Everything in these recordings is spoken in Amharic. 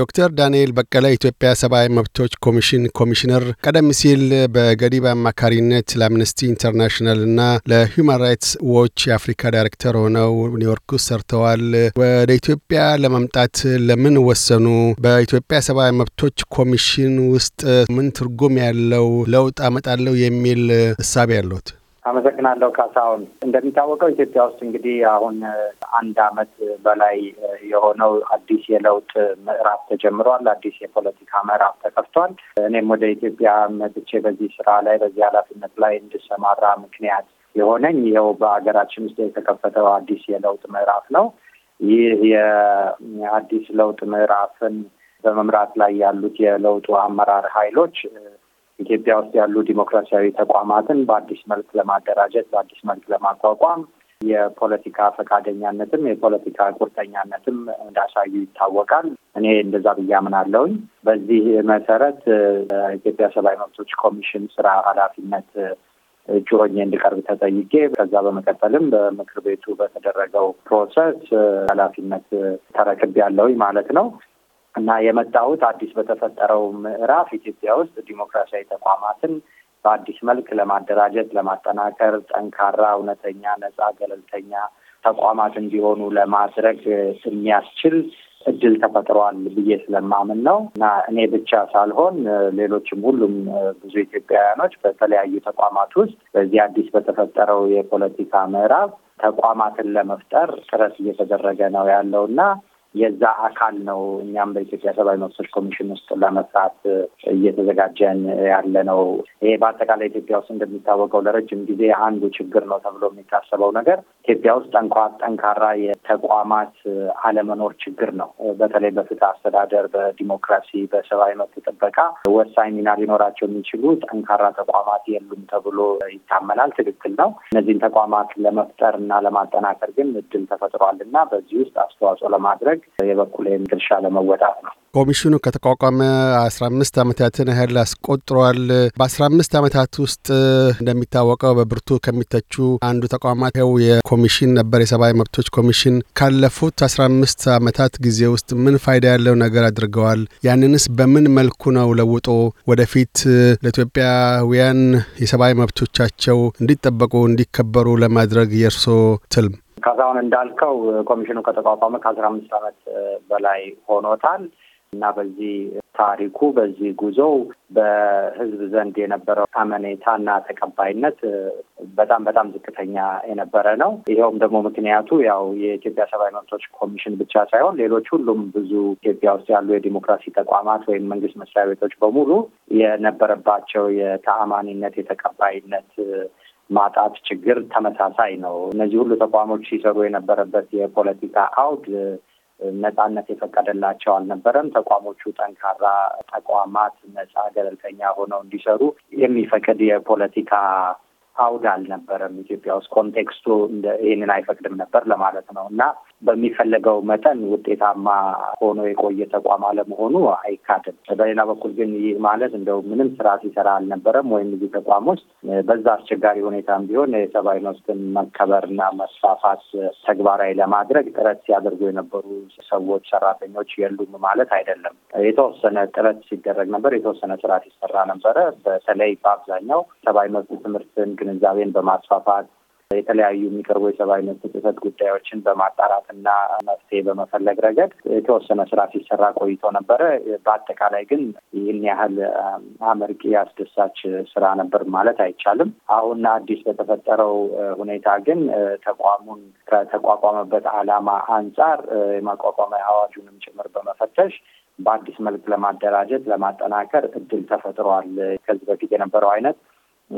ዶክተር ዳንኤል በቀለ የኢትዮጵያ ሰብአዊ መብቶች ኮሚሽን ኮሚሽነር፣ ቀደም ሲል በገዲብ አማካሪነት ለአምነስቲ ኢንተርናሽናል እና ለሁማን ራይትስ ዎች የአፍሪካ ዳይሬክተር ሆነው ኒውዮርክ ውስጥ ሰርተዋል። ወደ ኢትዮጵያ ለመምጣት ለምን ወሰኑ? በኢትዮጵያ ሰብአዊ መብቶች ኮሚሽን ውስጥ ምን ትርጉም ያለው ለውጥ አመጣለሁ የሚል እሳቤ ያለት? አመሰግናለሁ ካሳሁን። እንደሚታወቀው ኢትዮጵያ ውስጥ እንግዲህ አሁን አንድ አመት በላይ የሆነው አዲስ የለውጥ ምዕራፍ ተጀምሯል። አዲስ የፖለቲካ ምዕራፍ ተከፍቷል። እኔም ወደ ኢትዮጵያ መጥቼ በዚህ ስራ ላይ በዚህ ኃላፊነት ላይ እንድሰማራ ምክንያት የሆነኝ ይኸው በሀገራችን ውስጥ የተከፈተው አዲስ የለውጥ ምዕራፍ ነው። ይህ የአዲስ ለውጥ ምዕራፍን በመምራት ላይ ያሉት የለውጡ አመራር ኃይሎች ኢትዮጵያ ውስጥ ያሉ ዲሞክራሲያዊ ተቋማትን በአዲስ መልክ ለማደራጀት በአዲስ መልክ ለማቋቋም የፖለቲካ ፈቃደኛነትም የፖለቲካ ቁርጠኛነትም እንዳሳዩ ይታወቃል። እኔ እንደዛ ብዬ አምናለሁኝ። በዚህ መሰረት ኢትዮጵያ ሰብአዊ መብቶች ኮሚሽን ስራ ኃላፊነት እጩ ሆኜ እንድቀርብ ተጠይቄ ከዛ በመቀጠልም በምክር ቤቱ በተደረገው ፕሮሰስ ኃላፊነት ተረክቤያለሁኝ ማለት ነው። እና የመጣሁት አዲስ በተፈጠረው ምዕራፍ ኢትዮጵያ ውስጥ ዲሞክራሲያዊ ተቋማትን በአዲስ መልክ ለማደራጀት፣ ለማጠናከር፣ ጠንካራ፣ እውነተኛ፣ ነጻ፣ ገለልተኛ ተቋማት እንዲሆኑ ለማድረግ የሚያስችል እድል ተፈጥሯል ብዬ ስለማምን ነው እና እኔ ብቻ ሳልሆን ሌሎችም ሁሉም ብዙ ኢትዮጵያውያኖች በተለያዩ ተቋማት ውስጥ በዚህ አዲስ በተፈጠረው የፖለቲካ ምዕራፍ ተቋማትን ለመፍጠር ጥረት እየተደረገ ነው ያለው እና የዛ አካል ነው። እኛም በኢትዮጵያ ሰብአዊ መብቶች ኮሚሽን ውስጥ ለመስራት እየተዘጋጀን ያለ ነው። ይሄ በአጠቃላይ ኢትዮጵያ ውስጥ እንደሚታወቀው ለረጅም ጊዜ አንዱ ችግር ነው ተብሎ የሚታሰበው ነገር ኢትዮጵያ ውስጥ ጠንኳ ጠንካራ የተቋማት አለመኖር ችግር ነው። በተለይ በፍትህ አስተዳደር፣ በዲሞክራሲ፣ በሰብአዊ መብት ጥበቃ ወሳኝ ሚና ሊኖራቸው የሚችሉ ጠንካራ ተቋማት የሉም ተብሎ ይታመናል። ትክክል ነው። እነዚህን ተቋማት ለመፍጠር እና ለማጠናከር ግን እድል ተፈጥሯል እና በዚህ ውስጥ አስተዋጽኦ ለማድረግ በማድረግ የበኩሌን ድርሻ ለመወጣት ነው። ኮሚሽኑ ከተቋቋመ አስራ አምስት ዓመታትን ያህል አስቆጥሯል። በአስራ አምስት ዓመታት ውስጥ እንደሚታወቀው በብርቱ ከሚተቹ አንዱ ተቋማት ው የኮሚሽን ነበር የሰብአዊ መብቶች ኮሚሽን። ካለፉት አስራ አምስት ዓመታት ጊዜ ውስጥ ምን ፋይዳ ያለው ነገር አድርገዋል? ያንንስ በምን መልኩ ነው ለውጦ ወደፊት ለኢትዮጵያውያን የሰብአዊ መብቶቻቸው እንዲጠበቁ እንዲከበሩ ለማድረግ የእርሶ ትልም? ከዛሁን እንዳልከው ኮሚሽኑ ከተቋቋመ ከአስራ አምስት ዓመት በላይ ሆኖታል እና በዚህ ታሪኩ በዚህ ጉዞው በህዝብ ዘንድ የነበረው አመኔታና ተቀባይነት በጣም በጣም ዝቅተኛ የነበረ ነው። ይኸውም ደግሞ ምክንያቱ ያው የኢትዮጵያ ሰብአዊ መብቶች ኮሚሽን ብቻ ሳይሆን ሌሎች ሁሉም ብዙ ኢትዮጵያ ውስጥ ያሉ የዲሞክራሲ ተቋማት ወይም መንግስት መስሪያ ቤቶች በሙሉ የነበረባቸው የተአማኒነት የተቀባይነት ማጣት ችግር ተመሳሳይ ነው። እነዚህ ሁሉ ተቋሞች ሲሰሩ የነበረበት የፖለቲካ አውድ ነጻነት የፈቀደላቸው አልነበረም። ተቋሞቹ ጠንካራ ተቋማት ነጻ ገለልተኛ ሆነው እንዲሰሩ የሚፈቅድ የፖለቲካ አውድ አልነበረም ኢትዮጵያ ውስጥ ኮንቴክስቱ ይህንን አይፈቅድም ነበር ለማለት ነው እና በሚፈለገው መጠን ውጤታማ ሆኖ የቆየ ተቋም አለመሆኑ አይካድም። በሌላ በኩል ግን ይህ ማለት እንደው ምንም ስራ ሲሰራ አልነበረም ወይም እዚህ ተቋም ውስጥ በዛ አስቸጋሪ ሁኔታም ቢሆን የሰብአዊ መብትን መከበርና መስፋፋት ተግባራዊ ለማድረግ ጥረት ሲያደርጉ የነበሩ ሰዎች፣ ሰራተኞች የሉም ማለት አይደለም። የተወሰነ ጥረት ሲደረግ ነበር፣ የተወሰነ ስራ ሲሰራ ነበረ። በተለይ በአብዛኛው ሰብአዊ መብት ትምህርትን ግንዛቤን በማስፋፋት የተለያዩ የሚቀርቡ የሰብአዊ መብት ጥሰት ጉዳዮችን በማጣራትና መፍትሄ በመፈለግ ረገድ የተወሰነ ስራ ሲሰራ ቆይቶ ነበረ። በአጠቃላይ ግን ይህን ያህል አመርቂ አስደሳች ስራ ነበር ማለት አይቻልም። አሁን አዲስ በተፈጠረው ሁኔታ ግን ተቋሙን ከተቋቋመበት ዓላማ አንጻር የማቋቋሚያ አዋጁንም ጭምር በመፈተሽ በአዲስ መልክ ለማደራጀት፣ ለማጠናከር እድል ተፈጥሯል። ከዚህ በፊት የነበረው አይነት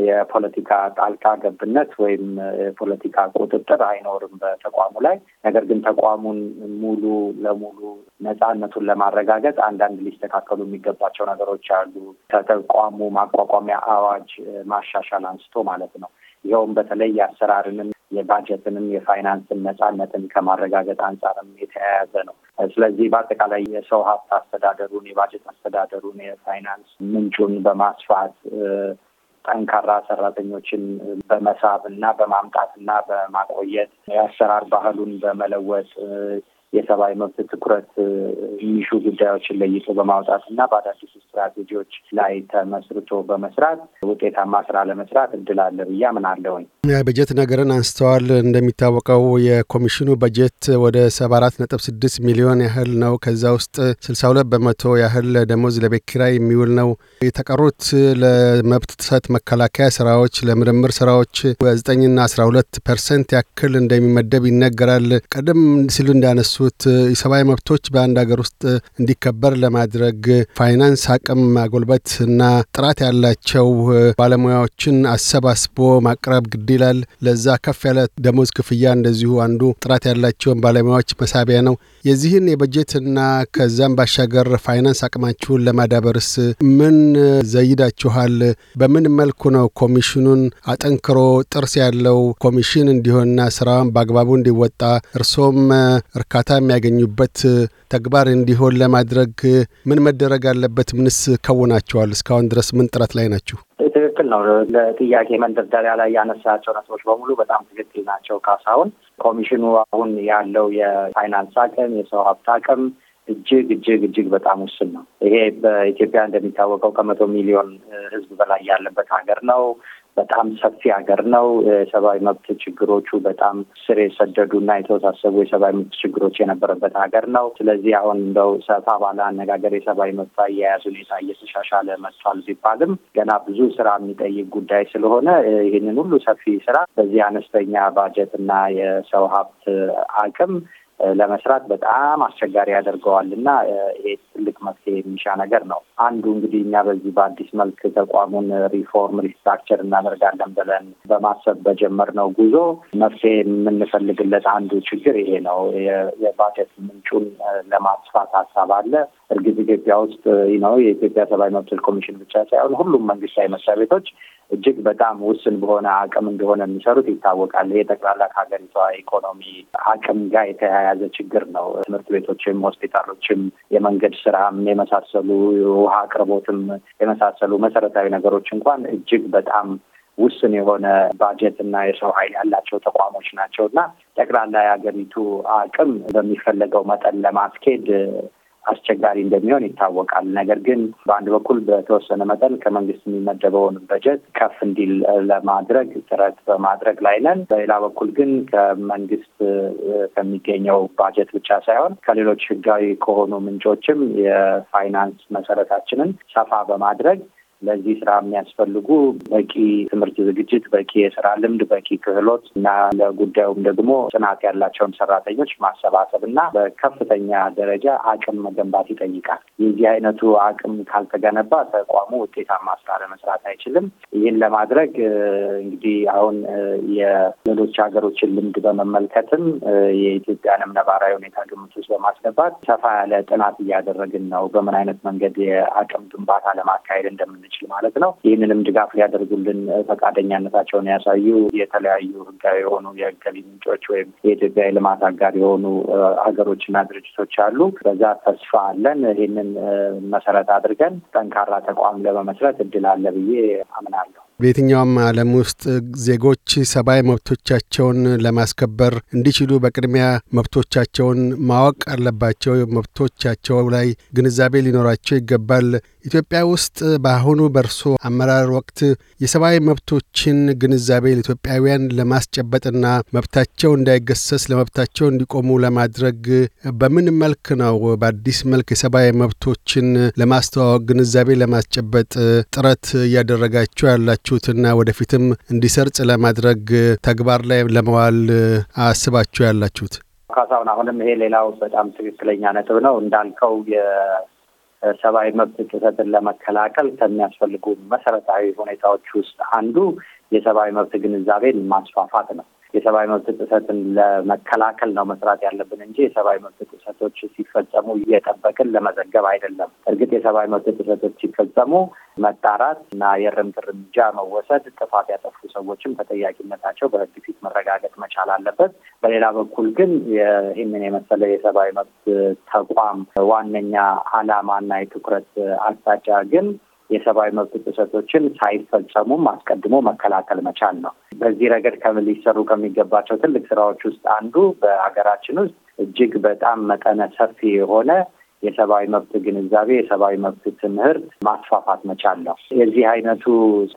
የፖለቲካ ጣልቃ ገብነት ወይም የፖለቲካ ቁጥጥር አይኖርም በተቋሙ ላይ። ነገር ግን ተቋሙን ሙሉ ለሙሉ ነፃነቱን ለማረጋገጥ አንዳንድ ሊስተካከሉ የሚገባቸው ነገሮች አሉ። ከተቋሙ ማቋቋሚያ አዋጅ ማሻሻል አንስቶ ማለት ነው። ይኸውም በተለይ የአሰራርንም የባጀትንም የፋይናንስን ነፃነትን ከማረጋገጥ አንጻርም የተያያዘ ነው። ስለዚህ በአጠቃላይ የሰው ሀብት አስተዳደሩን፣ የባጀት አስተዳደሩን፣ የፋይናንስ ምንጩን በማስፋት ጠንካራ ሰራተኞችን በመሳብ እና በማምጣት እና በማቆየት የአሰራር ባህሉን በመለወጥ የሰብአዊ መብት ትኩረት የሚሹ ጉዳዮችን ለይቶ በማውጣት እና በአዳዲስ ስትራቴጂዎች ላይ ተመስርቶ በመስራት ውጤታማ ስራ ለመስራት እድል አለ ብዬ አምናለሁኝ። የበጀት ነገርን አንስተዋል። እንደሚታወቀው የኮሚሽኑ በጀት ወደ ሰባ አራት ነጥብ ስድስት ሚሊዮን ያህል ነው። ከዛ ውስጥ ስልሳ ሁለት በመቶ ያህል ደሞዝ ለቤት ኪራይ የሚውል ነው። የተቀሩት ለመብት ጥሰት መከላከያ ስራዎች፣ ለምርምር ስራዎች በዘጠኝና አስራ ሁለት ፐርሰንት ያክል እንደሚመደብ ይነገራል። ቀደም ሲሉ እንዳነሱት የሰብአዊ መብቶች በአንድ ሀገር ውስጥ እንዲከበር ለማድረግ ፋይናንስ አቅም አቅም ማጎልበት እና ጥራት ያላቸው ባለሙያዎችን አሰባስቦ ማቅረብ ግድ ይላል። ለዛ ከፍ ያለ ደሞዝ ክፍያ እንደዚሁ አንዱ ጥራት ያላቸውን ባለሙያዎች መሳቢያ ነው። የዚህን የበጀት እና ከዛም ባሻገር ፋይናንስ አቅማችሁን ለማዳበርስ ምን ዘይዳችኋል? በምን መልኩ ነው ኮሚሽኑን አጠንክሮ ጥርስ ያለው ኮሚሽን እንዲሆንና ስራውን በአግባቡ እንዲወጣ እርሶም እርካታ የሚያገኙበት ተግባር እንዲሆን ለማድረግ ምን መደረግ አለበት? ምንስ ከውናቸዋል? እስካሁን ድረስ ምን ጥረት ላይ ናችሁ? ትክክል ነው። ለጥያቄ መንደርደሪያ ላይ ያነሳቸው ነጥቦች በሙሉ በጣም ትክክል ናቸው ካሳሁን። ኮሚሽኑ አሁን ያለው የፋይናንስ አቅም፣ የሰው ሀብት አቅም እጅግ እጅግ እጅግ በጣም ውስን ነው። ይሄ በኢትዮጵያ እንደሚታወቀው ከመቶ ሚሊዮን ሕዝብ በላይ ያለበት ሀገር ነው። በጣም ሰፊ ሀገር ነው። የሰብአዊ መብት ችግሮቹ በጣም ስር የሰደዱ እና የተወሳሰቡ የሰብአዊ መብት ችግሮች የነበረበት ሀገር ነው። ስለዚህ አሁን እንደው ሰፋ ባለ አነጋገር የሰብአዊ መብት አያያዝ ሁኔታ እየተሻሻለ መጥቷል ቢባልም ገና ብዙ ስራ የሚጠይቅ ጉዳይ ስለሆነ ይህንን ሁሉ ሰፊ ስራ በዚህ አነስተኛ ባጀት እና የሰው ሀብት አቅም ለመስራት በጣም አስቸጋሪ ያደርገዋል እና ይሄ ትልቅ መፍትሄ የሚሻ ነገር ነው። አንዱ እንግዲህ እኛ በዚህ በአዲስ መልክ ተቋሙን ሪፎርም ሪስትራክቸር እናደርጋለን ብለን በማሰብ በጀመርነው ጉዞ መፍትሄ የምንፈልግለት አንዱ ችግር ይሄ ነው። የባጀት ምንጩን ለማስፋት ሀሳብ አለ። እርግጥ ኢትዮጵያ ውስጥ ነው የኢትዮጵያ ሰብአዊ መብቶች ኮሚሽን ብቻ ሳይሆን ሁሉም መንግስታዊ መስሪያ ቤቶች እጅግ በጣም ውስን በሆነ አቅም እንደሆነ የሚሰሩት ይታወቃል። ይሄ ጠቅላላ ከሀገሪቷ ኢኮኖሚ አቅም ጋር የተያያዘ ችግር ነው። ትምህርት ቤቶችም፣ ሆስፒታሎችም፣ የመንገድ ስራም የመሳሰሉ ውሃ አቅርቦትም የመሳሰሉ መሰረታዊ ነገሮች እንኳን እጅግ በጣም ውስን የሆነ ባጀት እና የሰው ኃይል ያላቸው ተቋሞች ናቸው እና ጠቅላላ የሀገሪቱ አቅም በሚፈለገው መጠን ለማስኬድ አስቸጋሪ እንደሚሆን ይታወቃል። ነገር ግን በአንድ በኩል በተወሰነ መጠን ከመንግስት የሚመደበውን በጀት ከፍ እንዲል ለማድረግ ጥረት በማድረግ ላይ ነን። በሌላ በኩል ግን ከመንግስት ከሚገኘው ባጀት ብቻ ሳይሆን ከሌሎች ህጋዊ ከሆኑ ምንጮችም የፋይናንስ መሰረታችንን ሰፋ በማድረግ ለዚህ ስራ የሚያስፈልጉ በቂ ትምህርት ዝግጅት፣ በቂ የስራ ልምድ፣ በቂ ክህሎት እና ለጉዳዩም ደግሞ ጽናት ያላቸውን ሰራተኞች ማሰባሰብ እና በከፍተኛ ደረጃ አቅም መገንባት ይጠይቃል። የዚህ አይነቱ አቅም ካልተገነባ ተቋሙ ውጤታማ ስራ ለመስራት አይችልም። ይህን ለማድረግ እንግዲህ አሁን የሌሎች ሀገሮችን ልምድ በመመልከትም የኢትዮጵያንም ነባራዊ ሁኔታ ግምት ውስጥ በማስገባት ሰፋ ያለ ጥናት እያደረግን ነው በምን አይነት መንገድ የአቅም ግንባታ ለማካሄድ እንደምን የሚችል ማለት ነው። ይህንንም ድጋፍ ሊያደርጉልን ፈቃደኛነታቸውን ያሳዩ የተለያዩ ህጋዊ የሆኑ የገቢ ምንጮች ወይም የኢትዮጵያ የልማት አጋር የሆኑ ሀገሮችና ድርጅቶች አሉ። በዛ ተስፋ አለን። ይህንን መሰረት አድርገን ጠንካራ ተቋም ለመመስረት እድል አለ ብዬ አምናለሁ። በየትኛውም ዓለም ውስጥ ዜጎች ሰብአዊ መብቶቻቸውን ለማስከበር እንዲችሉ በቅድሚያ መብቶቻቸውን ማወቅ አለባቸው። መብቶቻቸው ላይ ግንዛቤ ሊኖራቸው ይገባል ኢትዮጵያ ውስጥ በአሁኑ በርሶ አመራር ወቅት የሰብአዊ መብቶችን ግንዛቤ ለኢትዮጵያውያን ለማስጨበጥና መብታቸው እንዳይገሰስ ለመብታቸው እንዲቆሙ ለማድረግ በምን መልክ ነው በአዲስ መልክ የሰብአዊ መብቶችን ለማስተዋወቅ ግንዛቤ ለማስጨበጥ ጥረት እያደረጋችሁ ያላችሁትና ወደፊትም እንዲሰርጽ ለማድረግ ተግባር ላይ ለመዋል አስባችሁ ያላችሁት? ካሳሁን፣ አሁንም ይሄ ሌላው በጣም ትክክለኛ ነጥብ ነው እንዳልከው ሰብአዊ መብት ጥሰትን ለመከላከል ከሚያስፈልጉ መሰረታዊ ሁኔታዎች ውስጥ አንዱ የሰብአዊ መብት ግንዛቤን ማስፋፋት ነው። የሰብአዊ መብት ጥሰትን ለመከላከል ነው መስራት ያለብን እንጂ የሰብአዊ መብት ጥሰቶች ሲፈጸሙ እየጠበቅን ለመዘገብ አይደለም። እርግጥ የሰብአዊ መብት ጥሰቶች ሲፈጸሙ መጣራት እና የእርምት እርምጃ መወሰድ፣ ጥፋት ያጠፉ ሰዎችም ተጠያቂነታቸው በህግ ፊት መረጋገጥ መቻል አለበት። በሌላ በኩል ግን ይህንን የመሰለ የሰብአዊ መብት ተቋም ዋነኛ አላማና የትኩረት አቅጣጫ ግን የሰብአዊ መብት ጥሰቶችን ሳይፈጸሙም አስቀድሞ መከላከል መቻል ነው። በዚህ ረገድ ሊሰሩ ከሚገባቸው ትልቅ ስራዎች ውስጥ አንዱ በሀገራችን ውስጥ እጅግ በጣም መጠነ ሰፊ የሆነ የሰብአዊ መብት ግንዛቤ፣ የሰብአዊ መብት ትምህርት ማስፋፋት መቻል ነው። የዚህ አይነቱ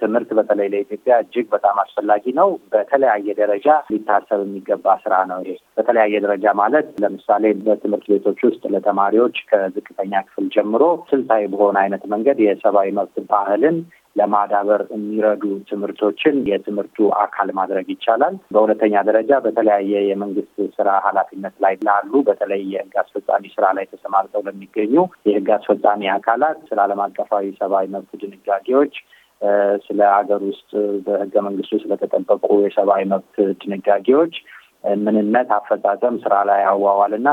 ትምህርት በተለይ ለኢትዮጵያ እጅግ በጣም አስፈላጊ ነው። በተለያየ ደረጃ ሊታሰብ የሚገባ ስራ ነው። ይሄ በተለያየ ደረጃ ማለት ለምሳሌ በትምህርት ቤቶች ውስጥ ለተማሪዎች ከዝቅተኛ ክፍል ጀምሮ ስልታዊ በሆነ አይነት መንገድ የሰብአዊ መብት ባህልን ለማዳበር የሚረዱ ትምህርቶችን የትምህርቱ አካል ማድረግ ይቻላል። በሁለተኛ ደረጃ በተለያየ የመንግስት ስራ ኃላፊነት ላይ ላሉ በተለይ የህግ አስፈጻሚ ስራ ላይ ተሰማርተው ለሚገኙ የህግ አስፈጻሚ አካላት ስለ ዓለም አቀፋዊ ሰብአዊ መብት ድንጋጌዎች ስለ ሀገር ውስጥ በህገ መንግስቱ ስለተጠበቁ የሰብአዊ መብት ድንጋጌዎች ምንነት፣ አፈጻጸም፣ ስራ ላይ አዋዋል እና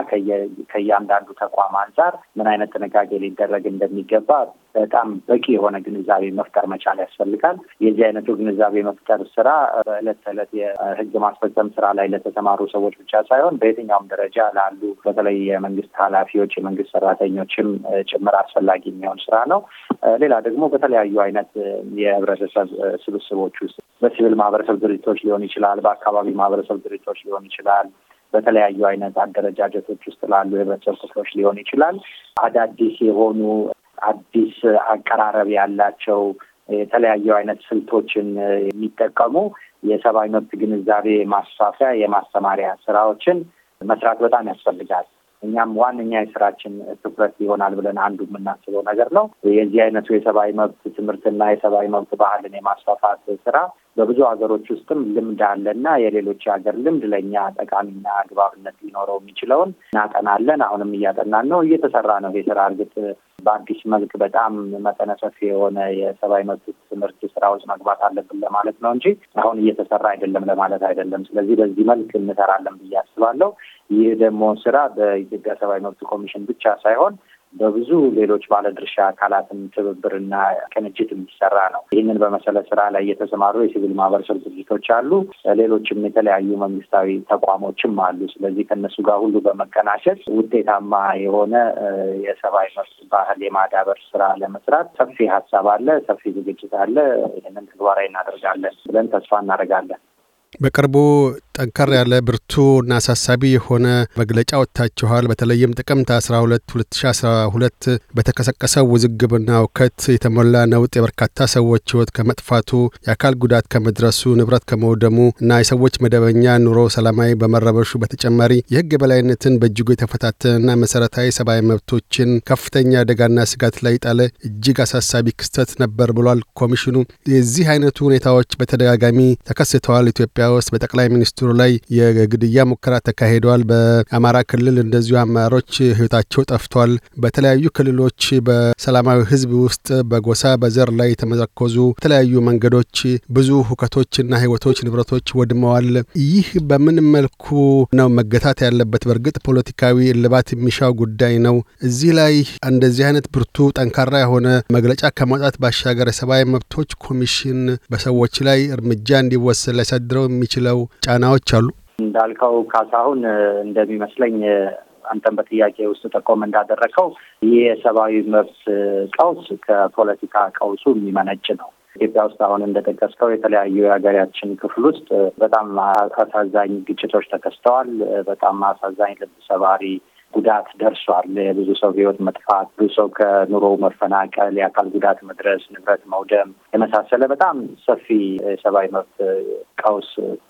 ከእያንዳንዱ ተቋም አንጻር ምን አይነት ጥንቃቄ ሊደረግ እንደሚገባ በጣም በቂ የሆነ ግንዛቤ መፍጠር መቻል ያስፈልጋል። የዚህ አይነቱ ግንዛቤ መፍጠር ስራ በእለት ተዕለት የህግ ማስፈጸም ስራ ላይ ለተሰማሩ ሰዎች ብቻ ሳይሆን በየትኛውም ደረጃ ላሉ በተለይ የመንግስት ኃላፊዎች የመንግስት ሰራተኞችም ጭምር አስፈላጊ የሚሆን ስራ ነው። ሌላ ደግሞ በተለያዩ አይነት የህብረተሰብ ስብስቦች ውስጥ በሲቪል ማህበረሰብ ድርጅቶች ሊሆን ይችላል፣ በአካባቢ ማህበረሰብ ድርጅቶች ሊሆን ይችላል በተለያዩ አይነት አደረጃጀቶች ውስጥ ላሉ የህብረተሰብ ክፍሎች ሊሆን ይችላል። አዳዲስ የሆኑ አዲስ አቀራረብ ያላቸው የተለያዩ አይነት ስልቶችን የሚጠቀሙ የሰብአዊ መብት ግንዛቤ ማስፋፊያ የማስተማሪያ ስራዎችን መስራት በጣም ያስፈልጋል። እኛም ዋነኛ የስራችን ትኩረት ይሆናል ብለን አንዱ የምናስበው ነገር ነው። የዚህ አይነቱ የሰብአዊ መብት ትምህርትና የሰብአዊ መብት ባህልን የማስፋፋት ስራ በብዙ ሀገሮች ውስጥም ልምድ አለና የሌሎች ሀገር ልምድ ለእኛ ጠቃሚና አግባብነት ሊኖረው የሚችለውን እናጠናለን። አሁንም እያጠናን ነው፣ እየተሰራ ነው የስራ እርግጥ በአዲስ መልክ በጣም መጠነ ሰፊ የሆነ የሰብአዊ መብት ትምህርት ስራ ውስጥ መግባት አለብን ለማለት ነው እንጂ አሁን እየተሰራ አይደለም ለማለት አይደለም። ስለዚህ በዚህ መልክ እንሰራለን ብዬ አስባለሁ። ይህ ደግሞ ስራ በኢትዮጵያ ሰብአዊ መብት ኮሚሽን ብቻ ሳይሆን በብዙ ሌሎች ባለድርሻ አካላትም ትብብርና ቅንጅት የሚሰራ ነው። ይህንን በመሰለ ስራ ላይ የተሰማሩ የሲቪል ማህበረሰብ ድርጅቶች አሉ። ሌሎችም የተለያዩ መንግስታዊ ተቋሞችም አሉ። ስለዚህ ከነሱ ጋር ሁሉ በመቀናሸት ውጤታማ የሆነ የሰብአዊ መብት ባህል የማዳበር ስራ ለመስራት ሰፊ ሀሳብ አለ፣ ሰፊ ዝግጅት አለ። ይህንን ተግባራዊ እናደርጋለን ብለን ተስፋ እናደርጋለን። በቅርቡ ጠንከር ያለ ብርቱ እና አሳሳቢ የሆነ መግለጫ ወጥታችኋል። በተለይም ጥቅምት 12 2012 በተቀሰቀሰው ውዝግብና እውከት የተሞላ ነውጥ የበርካታ ሰዎች ሕይወት ከመጥፋቱ የአካል ጉዳት ከመድረሱ ንብረት ከመውደሙ እና የሰዎች መደበኛ ኑሮ ሰላማዊ በመረበሹ በተጨማሪ የሕግ የበላይነትን በእጅጉ የተፈታተነና መሰረታዊ ሰብአዊ መብቶችን ከፍተኛ አደጋና ስጋት ላይ ጣለ እጅግ አሳሳቢ ክስተት ነበር ብሏል ኮሚሽኑ። የዚህ አይነቱ ሁኔታዎች በተደጋጋሚ ተከስተዋል ኢትዮጵያ ኢትዮጵያ ውስጥ በጠቅላይ ሚኒስትሩ ላይ የግድያ ሙከራ ተካሂዷል። በአማራ ክልል እንደዚሁ አመራሮች ህይወታቸው ጠፍቷል። በተለያዩ ክልሎች በሰላማዊ ህዝብ ውስጥ በጎሳ በዘር ላይ የተመረኮዙ የተለያዩ መንገዶች ብዙ ሁከቶችና ህይወቶች፣ ንብረቶች ወድመዋል። ይህ በምን መልኩ ነው መገታት ያለበት? በእርግጥ ፖለቲካዊ እልባት የሚሻው ጉዳይ ነው። እዚህ ላይ እንደዚህ አይነት ብርቱ ጠንካራ የሆነ መግለጫ ከማውጣት ባሻገር የሰብአዊ መብቶች ኮሚሽን በሰዎች ላይ እርምጃ እንዲወሰድ ሊያሳድረው የሚችለው ጫናዎች አሉ? እንዳልከው ካሳሁን እንደሚመስለኝ አንተን በጥያቄ ውስጥ ጠቆም እንዳደረከው ይህ የሰብአዊ መብት ቀውስ ከፖለቲካ ቀውሱ የሚመነጭ ነው። ኢትዮጵያ ውስጥ አሁን እንደጠቀስከው የተለያዩ የሀገራችን ክፍል ውስጥ በጣም አሳዛኝ ግጭቶች ተከስተዋል። በጣም አሳዛኝ ልብ ሰባሪ ጉዳት ደርሷል። የብዙ ሰው ህይወት መጥፋት፣ ብዙ ሰው ከኑሮ መፈናቀል፣ የአካል ጉዳት መድረስ፣ ንብረት መውደም የመሳሰለ በጣም ሰፊ የሰብአዊ መብት ቀውስ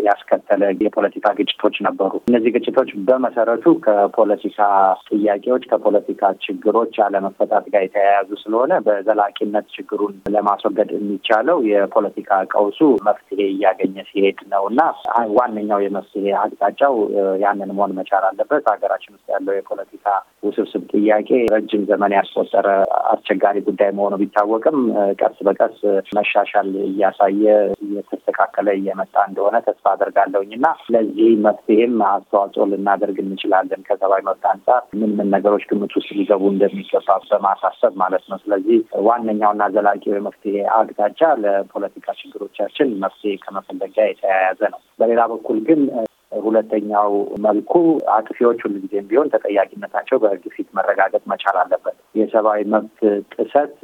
ያስከተለ የፖለቲካ ግጭቶች ነበሩ። እነዚህ ግጭቶች በመሰረቱ ከፖለቲካ ጥያቄዎች፣ ከፖለቲካ ችግሮች አለመፈታት ጋር የተያያዙ ስለሆነ በዘላቂነት ችግሩን ለማስወገድ የሚቻለው የፖለቲካ ቀውሱ መፍትሄ እያገኘ ሲሄድ ነው እና ዋነኛው የመፍትሄ አቅጣጫው ያንን መሆን መቻል አለበት። ሀገራችን ውስጥ ያለው የፖለቲካ ውስብስብ ጥያቄ ረጅም ዘመን ያስቆጠረ አስቸጋሪ ጉዳይ መሆኑ ቢታወቅም ቀስ በቀስ መሻሻል እያሳየ እየተስተካከለ እየመጣ እንደሆነ ተስፋ አደርጋለሁኝ እና ለዚህ መፍትሄም አስተዋጽኦ ልናደርግ እንችላለን ከሰብአዊ መብት አንጻር ምን ምን ነገሮች ግምት ውስጥ ሊገቡ እንደሚገባ በማሳሰብ ማለት ነው። ስለዚህ ዋነኛውና ዘላቂው የመፍትሄ አቅጣጫ ለፖለቲካ ችግሮቻችን መፍትሄ ከመፈለግ ጋር የተያያዘ ነው። በሌላ በኩል ግን ሁለተኛው መልኩ አጥፊዎች ሁልጊዜም ቢሆን ተጠያቂነታቸው በህግ ፊት መረጋገጥ መቻል አለበት። የሰብአዊ መብት ጥሰት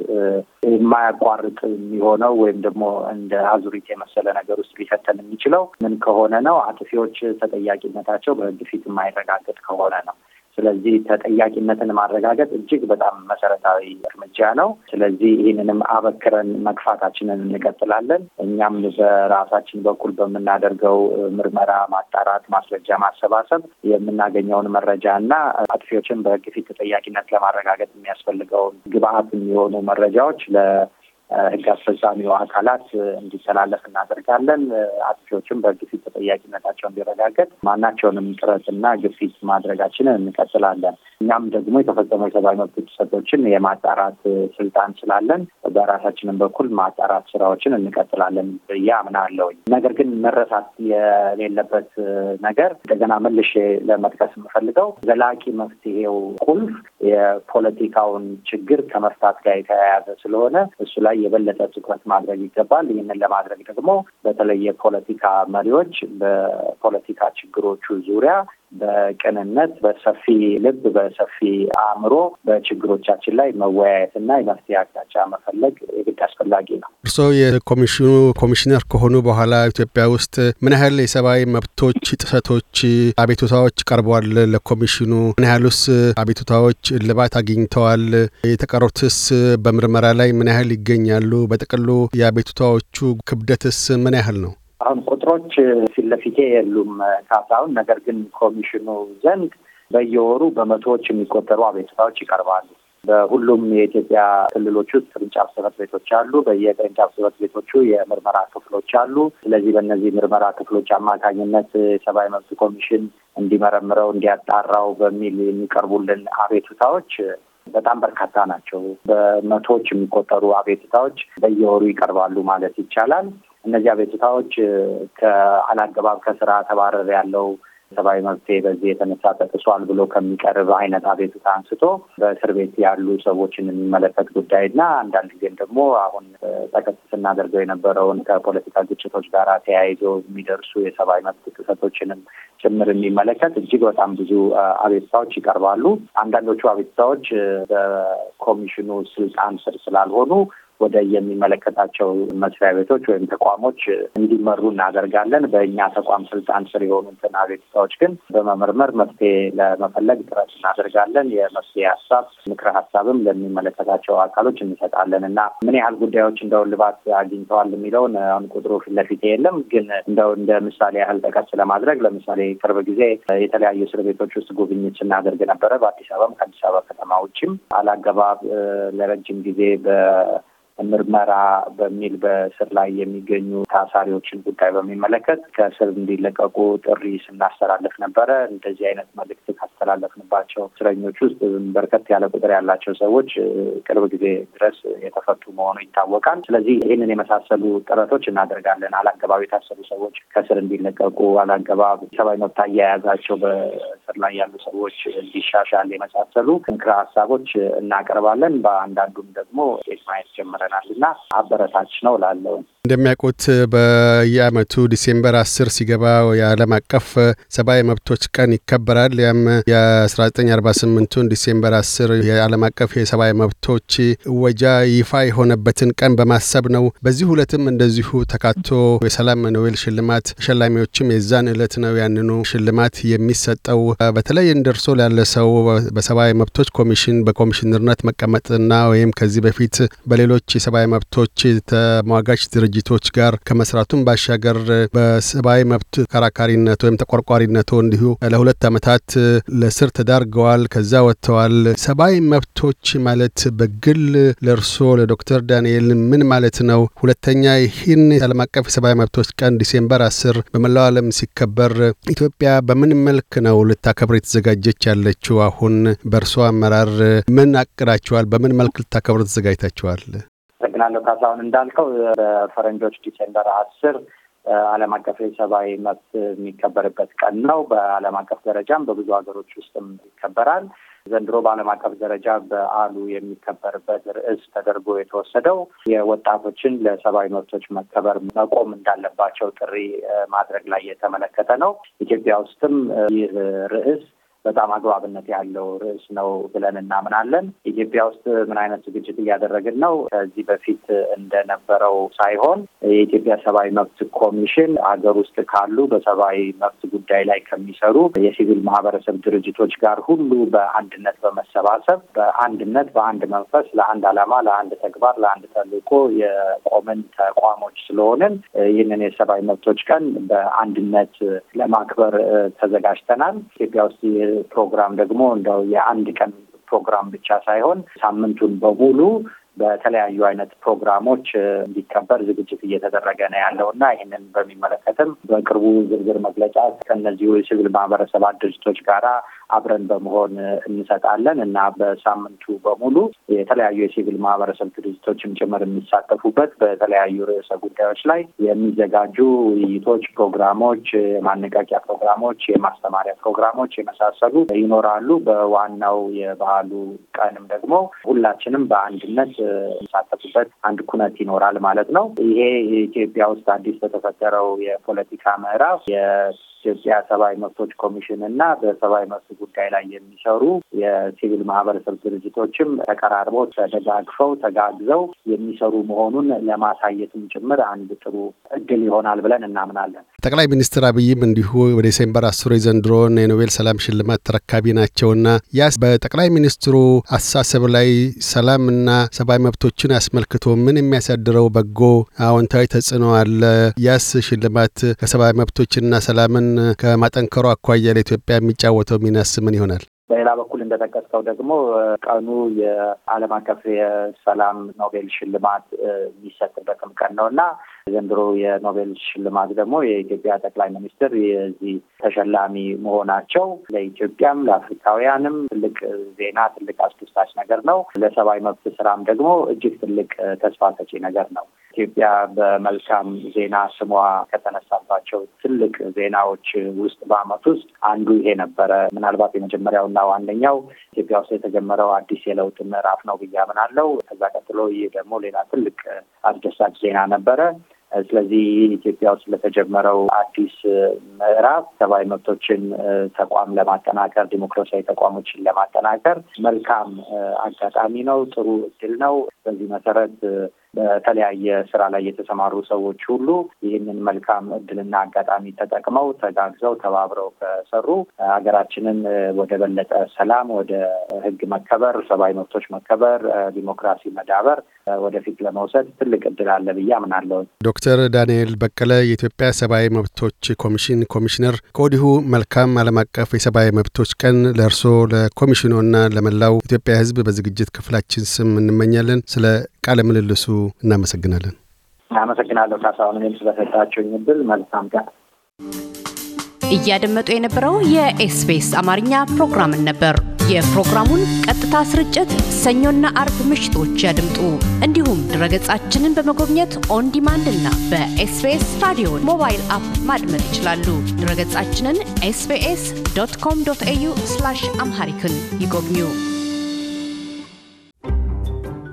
የማያቋርጥ የሚሆነው ወይም ደግሞ እንደ አዙሪት የመሰለ ነገር ውስጥ ሊከተል የሚችለው ምን ከሆነ ነው? አጥፊዎች ተጠያቂነታቸው በህግ ፊት የማይረጋገጥ ከሆነ ነው። ስለዚህ ተጠያቂነትን ማረጋገጥ እጅግ በጣም መሰረታዊ እርምጃ ነው። ስለዚህ ይህንንም አበክረን መግፋታችንን እንቀጥላለን። እኛም በራሳችን በኩል በምናደርገው ምርመራ፣ ማጣራት፣ ማስረጃ ማሰባሰብ የምናገኘውን መረጃ እና አጥፊዎችን በሕግ ፊት ተጠያቂነት ለማረጋገጥ የሚያስፈልገውን ግብአት የሚሆኑ መረጃዎች ህግ አስፈጻሚው አካላት እንዲተላለፍ እናደርጋለን። አጥፊዎችም በግፊት ተጠያቂነታቸው እንዲረጋገጥ ማናቸውንም ጥረትና ግፊት ማድረጋችንን እንቀጥላለን። እኛም ደግሞ የተፈጸመው የሰብአዊ መብት ጥሰቶችን የማጣራት ስልጣን ስላለን በራሳችንም በኩል ማጣራት ስራዎችን እንቀጥላለን ብዬ አምናለሁኝ። ነገር ግን መረሳት የሌለበት ነገር እንደገና መልሼ ለመጥቀስ የምፈልገው ዘላቂ መፍትሄው ቁልፍ የፖለቲካውን ችግር ከመፍታት ጋር የተያያዘ ስለሆነ እሱ ላይ የበለጠ ትኩረት ማድረግ ይገባል። ይህንን ለማድረግ ደግሞ በተለይ የፖለቲካ መሪዎች በፖለቲካ ችግሮቹ ዙሪያ በቅንነት በሰፊ ልብ በሰፊ አእምሮ በችግሮቻችን ላይ መወያየትና የመፍትሄ አቅጣጫ መፈለግ የግድ አስፈላጊ ነው። እርስዎ የኮሚሽኑ ኮሚሽነር ከሆኑ በኋላ ኢትዮጵያ ውስጥ ምን ያህል የሰብአዊ መብቶች ጥሰቶች አቤቱታዎች ቀርበዋል? ለኮሚሽኑ ምን ያህሉስ አቤቱታዎች እልባት አግኝተዋል? የተቀሩትስ በምርመራ ላይ ምን ያህል ይገኛሉ? በጥቅሉ የአቤቱታዎቹ ክብደትስ ምን ያህል ነው? አሁን ቁጥሮች ፊት ለፊቴ የሉም ካሳሁን። ነገር ግን ኮሚሽኑ ዘንድ በየወሩ በመቶዎች የሚቆጠሩ አቤቱታዎች ይቀርባሉ። በሁሉም የኢትዮጵያ ክልሎች ውስጥ ቅርንጫፍ ጽሕፈት ቤቶች አሉ። በየቅርንጫፍ ጽሕፈት ቤቶቹ የምርመራ ክፍሎች አሉ። ስለዚህ በእነዚህ ምርመራ ክፍሎች አማካኝነት የሰብአዊ መብት ኮሚሽን እንዲመረምረው እንዲያጣራው በሚል የሚቀርቡልን አቤቱታዎች በጣም በርካታ ናቸው። በመቶዎች የሚቆጠሩ አቤቱታዎች በየወሩ ይቀርባሉ ማለት ይቻላል። እነዚህ አቤቱታዎች ከአላግባብ ከስራ ተባረር ያለው ሰብአዊ መብቴ በዚህ የተነሳ ተጥሷል ብሎ ከሚቀርብ አይነት አቤቱታ አንስቶ በእስር ቤት ያሉ ሰዎችን የሚመለከት ጉዳይ እና አንዳንድ ጊዜም ደግሞ አሁን ጠቀስ ስናደርገው የነበረውን ከፖለቲካ ግጭቶች ጋር ተያይዞ የሚደርሱ የሰብአዊ መብት ጥሰቶችንም ጭምር የሚመለከት እጅግ በጣም ብዙ አቤቱታዎች ይቀርባሉ። አንዳንዶቹ አቤቱታዎች በኮሚሽኑ ስልጣን ስር ስላልሆኑ ወደ የሚመለከታቸው መስሪያ ቤቶች ወይም ተቋሞች እንዲመሩ እናደርጋለን። በእኛ ተቋም ስልጣን ስር የሆኑትን አቤቱታዎች ግን በመመርመር መፍትሄ ለመፈለግ ጥረት እናደርጋለን። የመፍትሄ ሀሳብ ምክረ ሀሳብም ለሚመለከታቸው አካሎች እንሰጣለን እና ምን ያህል ጉዳዮች እንደው ልባት አግኝተዋል የሚለውን አሁን ቁጥሩ ፊት ለፊት የለም፣ ግን እንደው እንደ ምሳሌ ያህል ጠቀስ ለማድረግ ለምሳሌ ቅርብ ጊዜ የተለያዩ እስር ቤቶች ውስጥ ጉብኝት ስናደርግ ነበረ። በአዲስ አበባም ከአዲስ አበባ ከተማ ውጭም አላገባብ ለረጅም ጊዜ በ ምርመራ በሚል በእስር ላይ የሚገኙ ታሳሪዎችን ጉዳይ በሚመለከት ከእስር እንዲለቀቁ ጥሪ ስናስተላልፍ ነበረ። እንደዚህ አይነት መልእክት ካስተላለፍንባቸው እስረኞች ውስጥ በርከት ያለ ቁጥር ያላቸው ሰዎች ቅርብ ጊዜ ድረስ የተፈቱ መሆኑ ይታወቃል። ስለዚህ ይህንን የመሳሰሉ ጥረቶች እናደርጋለን። አላግባብ የታሰሩ ሰዎች ከእስር እንዲለቀቁ፣ አላግባብ ሰብአዊ መብት አያያዛቸው በእስር ላይ ያሉ ሰዎች እንዲሻሻል የመሳሰሉ ምክረ ሀሳቦች እናቀርባለን። በአንዳንዱም ደግሞ ማየት ጀምረ ጀምረናል እና አበረታች ነው ላለው እንደሚያውቁት በየአመቱ ዲሴምበር አስር ሲገባ የዓለም አቀፍ ሰብአዊ መብቶች ቀን ይከበራል። ያም የ1948ቱን ዲሴምበር አስር የዓለም አቀፍ የሰብአዊ መብቶች እወጃ ይፋ የሆነበትን ቀን በማሰብ ነው። በዚህ ሁለትም እንደዚሁ ተካቶ የሰላም ኖቤል ሽልማት ተሸላሚዎችም የዛን እለት ነው ያንኑ ሽልማት የሚሰጠው። በተለይ እንደርሶ ላለ ሰው በሰብአዊ መብቶች ኮሚሽን በኮሚሽነርነት መቀመጥና ወይም ከዚህ በፊት በሌሎች የሰብአዊ መብቶች ተሟጋች ድርጅቶች ጋር ከመስራቱም ባሻገር በሰብአዊ መብት ከራካሪነት ወይም ተቆርቋሪነቱ እንዲሁ ለሁለት ዓመታት ለስር ተዳርገዋል። ከዛ ወጥተዋል። ሰብአዊ መብቶች ማለት በግል ለእርሶ ለዶክተር ዳንኤል ምን ማለት ነው? ሁለተኛ ይህን የዓለም አቀፍ የሰብአዊ መብቶች ቀን ዲሴምበር አስር በመላው ዓለም ሲከበር ኢትዮጵያ በምን መልክ ነው ልታከብር የተዘጋጀች ያለችው? አሁን በእርሶ አመራር ምን አቅዳችኋል? በምን መልክ ልታከብር ተዘጋጅታችኋል? አመሰግናለሁ ካሳሁን። እንዳልከው በፈረንጆች ዲሴምበር አስር ዓለም አቀፍ የሰብአዊ መብት የሚከበርበት ቀን ነው። በዓለም አቀፍ ደረጃም በብዙ ሀገሮች ውስጥም ይከበራል። ዘንድሮ በዓለም አቀፍ ደረጃ በዓሉ የሚከበርበት ርዕስ ተደርጎ የተወሰደው የወጣቶችን ለሰብአዊ መብቶች መከበር መቆም እንዳለባቸው ጥሪ ማድረግ ላይ የተመለከተ ነው። ኢትዮጵያ ውስጥም ይህ ርዕስ በጣም አግባብነት ያለው ርዕስ ነው ብለን እናምናለን። ኢትዮጵያ ውስጥ ምን አይነት ዝግጅት እያደረግን ነው? ከዚህ በፊት እንደነበረው ሳይሆን የኢትዮጵያ ሰብአዊ መብት ኮሚሽን ሀገር ውስጥ ካሉ በሰብአዊ መብት ጉዳይ ላይ ከሚሰሩ የሲቪል ማህበረሰብ ድርጅቶች ጋር ሁሉ በአንድነት በመሰባሰብ በአንድነት በአንድ መንፈስ ለአንድ ዓላማ፣ ለአንድ ተግባር፣ ለአንድ ተልቆ የቆምን ተቋሞች ስለሆንን ይህንን የሰብአዊ መብቶች ቀን በአንድነት ለማክበር ተዘጋጅተናል። ኢትዮጵያ ውስጥ ፕሮግራም ደግሞ እንደው የአንድ ቀን ፕሮግራም ብቻ ሳይሆን ሳምንቱን በሙሉ በተለያዩ አይነት ፕሮግራሞች እንዲከበር ዝግጅት እየተደረገ ነው ያለው እና ይህንን በሚመለከትም በቅርቡ ዝርዝር መግለጫ ከእነዚሁ የሲቪል ማህበረሰባት ድርጅቶች ጋራ አብረን በመሆን እንሰጣለን እና በሳምንቱ በሙሉ የተለያዩ የሲቪል ማህበረሰብ ድርጅቶችም ጭምር የሚሳተፉበት በተለያዩ ርዕሰ ጉዳዮች ላይ የሚዘጋጁ ውይይቶች፣ ፕሮግራሞች፣ የማነቃቂያ ፕሮግራሞች፣ የማስተማሪያ ፕሮግራሞች የመሳሰሉ ይኖራሉ። በዋናው የባህሉ ቀንም ደግሞ ሁላችንም በአንድነት የሚሳተፉበት አንድ ኩነት ይኖራል ማለት ነው። ይሄ ኢትዮጵያ ውስጥ አዲስ በተፈጠረው የፖለቲካ ምዕራፍ ኢትዮጵያ ሰብአዊ መብቶች ኮሚሽን እና በሰብአዊ መብት ጉዳይ ላይ የሚሰሩ የሲቪል ማህበረሰብ ድርጅቶችም ተቀራርበው ተደጋግፈው ተጋግዘው የሚሰሩ መሆኑን ለማሳየትም ጭምር አንድ ጥሩ እድል ይሆናል ብለን እናምናለን። ጠቅላይ ሚኒስትር አብይም እንዲሁ በዲሴምበር አስሩ የዘንድሮን የኖቤል ሰላም ሽልማት ተረካቢ ናቸውና ያ በጠቅላይ ሚኒስትሩ አስተሳሰብ ላይ ሰላምና ሰብአዊ መብቶችን አስመልክቶ ምን የሚያሳድረው በጎ አዎንታዊ ተጽዕኖ አለ? ያስ ሽልማት ከሰብአዊ መብቶችና ሰላምን ቁጥጥሩን ከማጠንከሩ አኳያ ለኢትዮጵያ የሚጫወተው ሚናስ ምን ይሆናል? በሌላ በኩል እንደጠቀስከው ደግሞ ቀኑ የዓለም አቀፍ የሰላም ኖቤል ሽልማት የሚሰጥበትም ቀን ነው እና ዘንድሮ የኖቤል ሽልማት ደግሞ የኢትዮጵያ ጠቅላይ ሚኒስትር የዚህ ተሸላሚ መሆናቸው ለኢትዮጵያም ለአፍሪካውያንም ትልቅ ዜና፣ ትልቅ አስደሳች ነገር ነው። ለሰብአዊ መብት ስራም ደግሞ እጅግ ትልቅ ተስፋ ሰጪ ነገር ነው። ኢትዮጵያ በመልካም ዜና ስሟ ከተነሳባቸው ትልቅ ዜናዎች ውስጥ በአመት ውስጥ አንዱ ይሄ ነበረ። ምናልባት የመጀመሪያውና ዋነኛው ኢትዮጵያ ውስጥ የተጀመረው አዲስ የለውጥ ምዕራፍ ነው ብዬ አምናለሁ። ከዛ ቀጥሎ ይህ ደግሞ ሌላ ትልቅ አስደሳች ዜና ነበረ። ስለዚህ ኢትዮጵያ ውስጥ ለተጀመረው አዲስ ምዕራፍ ሰብአዊ መብቶችን ተቋም ለማጠናከር ዲሞክራሲያዊ ተቋሞችን ለማጠናከር መልካም አጋጣሚ ነው፣ ጥሩ እድል ነው። በዚህ መሰረት በተለያየ ስራ ላይ የተሰማሩ ሰዎች ሁሉ ይህንን መልካም እድልና አጋጣሚ ተጠቅመው ተጋግዘው ተባብረው ከሰሩ ሀገራችንን ወደ በለጠ ሰላም፣ ወደ ህግ መከበር፣ ሰብአዊ መብቶች መከበር፣ ዲሞክራሲ መዳበር ወደፊት ለመውሰድ ትልቅ እድል አለ ብዬ አምናለሁ። ዶክተር ዳንኤል በቀለ የኢትዮጵያ ሰብአዊ መብቶች ኮሚሽን ኮሚሽነር፣ ከወዲሁ መልካም ዓለም አቀፍ የሰብአዊ መብቶች ቀን ለእርሶ ለኮሚሽኖና ለመላው ኢትዮጵያ ህዝብ በዝግጅት ክፍላችን ስም እንመኛለን። ስለ ቃለ ምልልሱ እናመሰግናለን። አመሰግናለሁ ካሳሁን፣ እኔም ስለሰጣችሁኝ እድል። መልካም ቀን። እያደመጡ የነበረው የኤስቢኤስ አማርኛ ፕሮግራምን ነበር። የፕሮግራሙን ቀጥታ ስርጭት ሰኞና አርብ ምሽቶች ያድምጡ። እንዲሁም ድረገጻችንን በመጎብኘት ኦን ዲማንድ እና በኤስቢኤስ ራዲዮን ሞባይል አፕ ማድመጥ ይችላሉ። ድረገጻችንን ኤስቢኤስ ዶት ኮም ዶት ኤዩ አምሃሪክን ይጎብኙ።